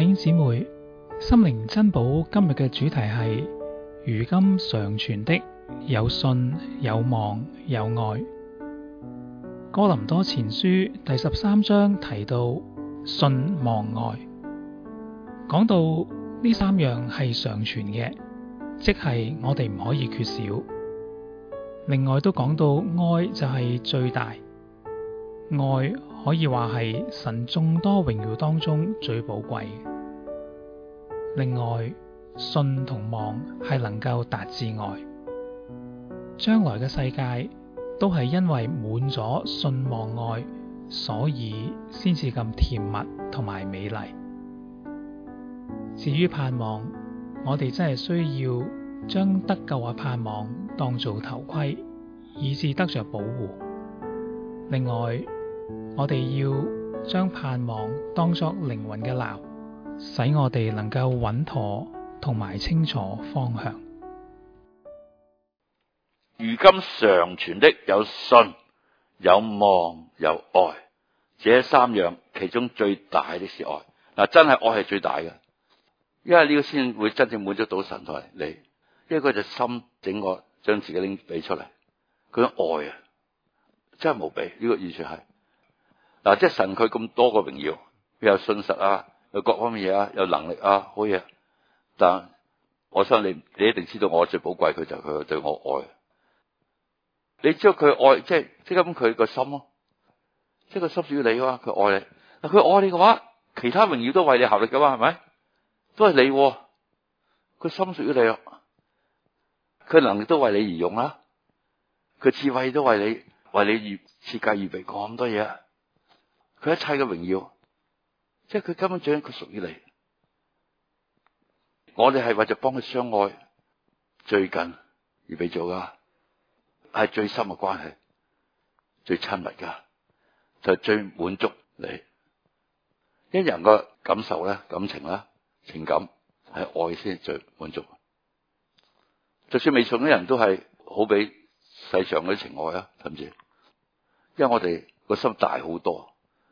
兄姊妹，心靈珍寶今日嘅主題係，如今常存的有信有望有愛。哥林多前書第十三章提到信望愛，講到呢三樣係常存嘅，即係我哋唔可以缺少。另外都講到愛就係最大。愛可以話係神眾多榮耀當中最寶貴嘅。另外，信同望係能夠達至愛。將來嘅世界都係因為滿咗信望愛，所以先至咁甜蜜同埋美麗。至於盼望，我哋真係需要將得救嘅盼望當做頭盔，以致得着保護。另外。我哋要將盼望當作靈魂嘅錨，使我哋能夠穩妥同埋清楚方向。如今常存的有信、有望、有愛，這三樣其中最大的是愛。嗱，真係愛係最大嘅，因為呢個先會真正滿足到神同你。因為佢就心整個將自己拎俾出嚟，佢嘅愛啊，真係無比。呢、這個完全係。嗱，即係神佢咁多個榮耀，佢有信實啊，有各方面嘢啊，有能力啊，好嘢。但我相信你，你一定知道我最寶貴佢就係佢對我愛。你只要佢愛，即係即係咁佢個心咯、啊，即係個心屬於你噶、啊、嘛。佢愛你，嗱佢愛你嘅話，其他榮耀都為你效力噶嘛、啊，係咪？都係你，佢心屬於你啊。佢、啊、能力都為你而用啦、啊，佢智慧都為你為你而設計預備咁多嘢、啊。佢一切嘅榮耀，即係佢根本獎佢屬於你。我哋係為咗幫佢相愛最近而俾咗噶，係最深嘅關係，最親密噶，就係最滿足你。一人個感受咧、感情啦、情感係愛先最滿足。就算未信嘅人都係好比世上嗰啲情愛啊，甚至，因為我哋個心大好多。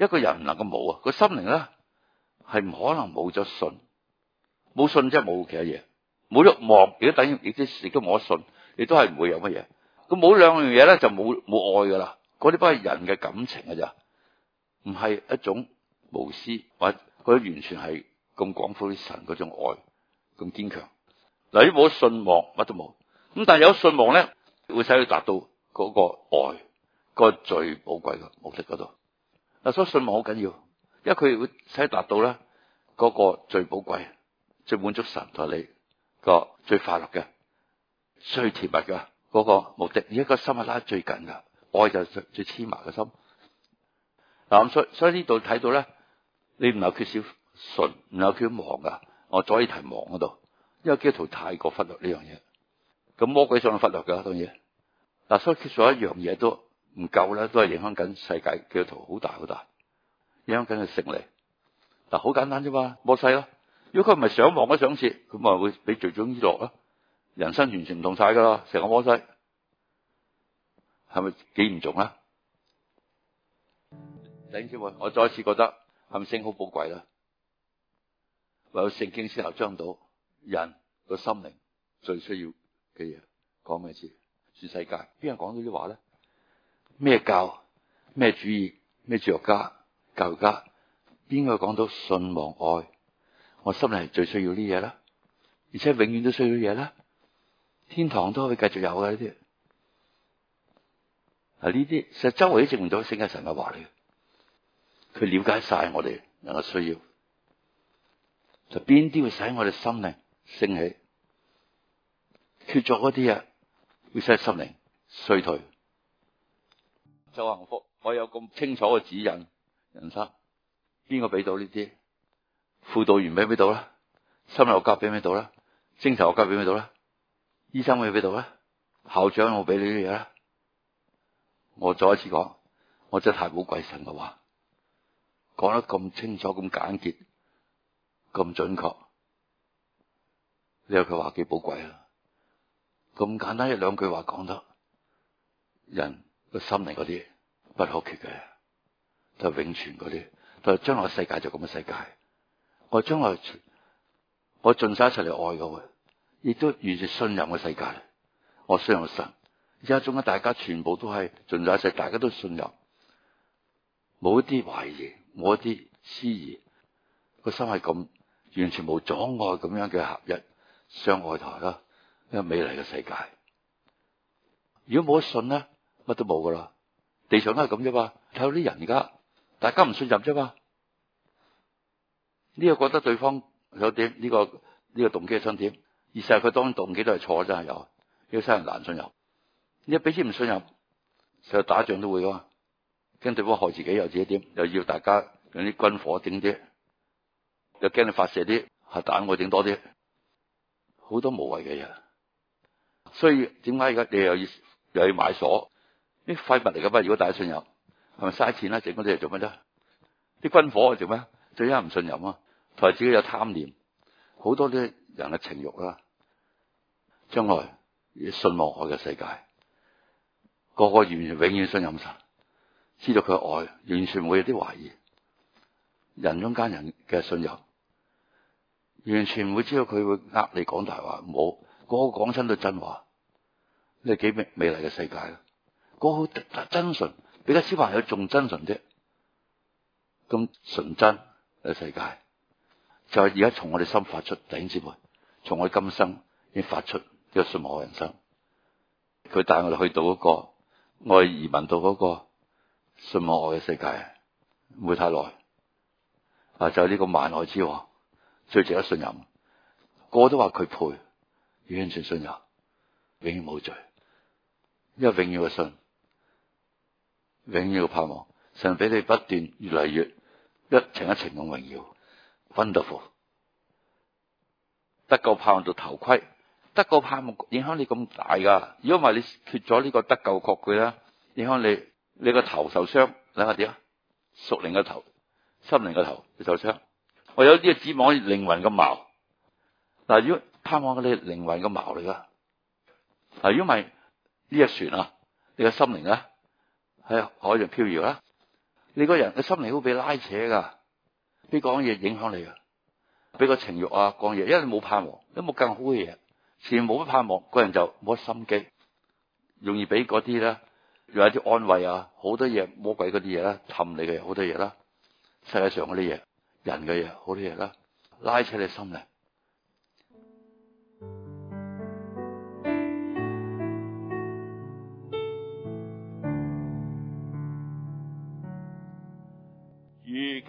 一個人唔能夠冇啊，個心靈咧係唔可能冇咗信，冇信即係冇其他嘢，冇咗望亦，就是，都等於亦都都冇咗信，亦都係唔會有乜嘢。咁冇兩樣嘢咧就冇冇愛噶啦，嗰啲不係人嘅感情㗎咋，唔係一種無私或者佢完全係咁廣闊啲神嗰種愛咁堅強。嗱，呢冇咗信望乜都冇，咁但係有信望咧，會使佢達到嗰個愛，嗰，嗰個最寶貴嘅目的嗰度。嗱，所以信望好緊要，因為佢會使達到咧嗰個最寶貴、最滿足神同你個最快樂嘅、最甜蜜嘅嗰個目的。而一個心係拉最緊噶，愛就最黐埋嘅心。嗱、嗯，咁所以所以呢度睇到咧，你唔有缺少信，唔有缺少望噶。我左耳提望嗰度，因為基督徒太過忽略呢樣嘢。咁魔鬼想忽略噶當然。嗱，所以缺少一樣嘢都。唔夠咧，都係影響緊世界嘅圖，好大好大，影響緊佢勝嚟。嗱，好簡單啫嘛，摩西咯。如果佢唔係想望一、啊、想，切，佢咪會俾最終跌落咯、啊，人生完全唔同晒噶啦，成個摩西係咪幾嚴重啊？弟兄姊妹，我再次覺得咪星好寶貴啦，唯有聖經先頭講到人個心靈最需要嘅嘢，講咩先？全世界邊人講到啲話咧？咩教咩主義咩哲學家教育家邊個講到信望愛我心靈係最需要啲嘢啦，而且永遠都需要嘢啦，天堂都可以繼續有嘅呢啲。啊呢啲，其實周圍都證明到神嘅話嚟，佢了解晒我哋能夠需要。就邊啲會使我哋心靈升起？缺咗嗰啲啊，會使心靈衰退。就幸福，我有咁清楚嘅指引。人生邊個俾到呢啲？輔導員俾唔俾到啦？心理學家俾俾到啦？精神學家俾唔俾到啦？醫生可以俾到啦？校長我冇俾你啲嘢？啦，我再一次講，我真係好貴神嘅話，講得咁清楚、咁簡潔、咁準確，你又句話幾寶貴啦？咁簡單一兩句話講得人。個心靈嗰啲不可缺嘅，就永存嗰啲。但係將來世界就咁嘅世界，我將來我盡晒一齊嚟愛佢，亦都完全信任個世界。我相信任神，而家總之，大家全部都係盡晒一齊，大家都信任，冇一啲懷疑，冇一啲思疑，個心係咁完全冇阻礙咁樣嘅合一相愛台啦，一個美麗嘅世界。如果冇得信呢？乜都冇噶啦，地上都係咁啫嘛。睇到啲人而家，大家唔信任啫嘛。呢個覺得對方有啲呢個呢個動機，想點？而實佢當動機都係錯，真係有。呢啲人難信任，呢個彼此唔信任，一俾錢唔信任，其實打仗都會噶。驚對方害自己又自己點？又要大家用啲軍火整啲，又驚你發射啲核彈會，我整多啲，好多無謂嘅嘢。所以點解而家你又要又要買鎖？啲廢物嚟噶嘛？如果大家信任，係咪嘥錢啦？整嗰啲嚟做乜啫？啲軍火係做咩？最憎唔信任啊！同埋自己有貪念，好多啲人嘅情欲啦。將來信望愛嘅世界，個個完全永遠信任神，知道佢愛，完全唔會有啲懷疑。人中間人嘅信任，完全唔會知道佢會呃你講大話。冇，那個個講親都真話，你幾美美麗嘅世界。嗰個特真純，比家小朋友仲真純啲，咁純真嘅世界，就係而家從我哋心發出弟兄姊妹，從我哋今生已經發出一個信望愛人生，佢帶我哋去到嗰個，我哋移民到嗰個信望愛嘅世界，唔會太耐，啊就呢個萬愛之王，最值得信任，個個都話佢配，完全信任，永遠冇罪，因為永遠嘅信。永耀嘅盼望，神俾你不斷越嚟越一層一層咁榮耀，wonderful。得救盼望做頭盔，得救盼望影響你咁大噶。如果唔係你脫咗呢個得救確據咧，影響你你個頭受傷。你話點啊？屬靈嘅頭、心靈嘅頭受傷。我有呢個指望靈魂嘅錨。嗱，如果盼望你靈魂嘅錨嚟噶，嗱，如果唔係呢隻船啊，你個心靈啊？係海上漂搖啦，你個人嘅心靈好被拉扯噶，俾講嘢影響你噶，俾個情欲啊，講嘢，因為你冇盼望，你冇更好嘅嘢，全冇乜盼望，個人就冇乜心機，容易俾嗰啲咧，又有啲安慰啊，好多嘢魔鬼嗰啲嘢啦，氹你嘅好多嘢啦，世界上嗰啲嘢，人嘅嘢，好多嘢啦，拉扯你心靈。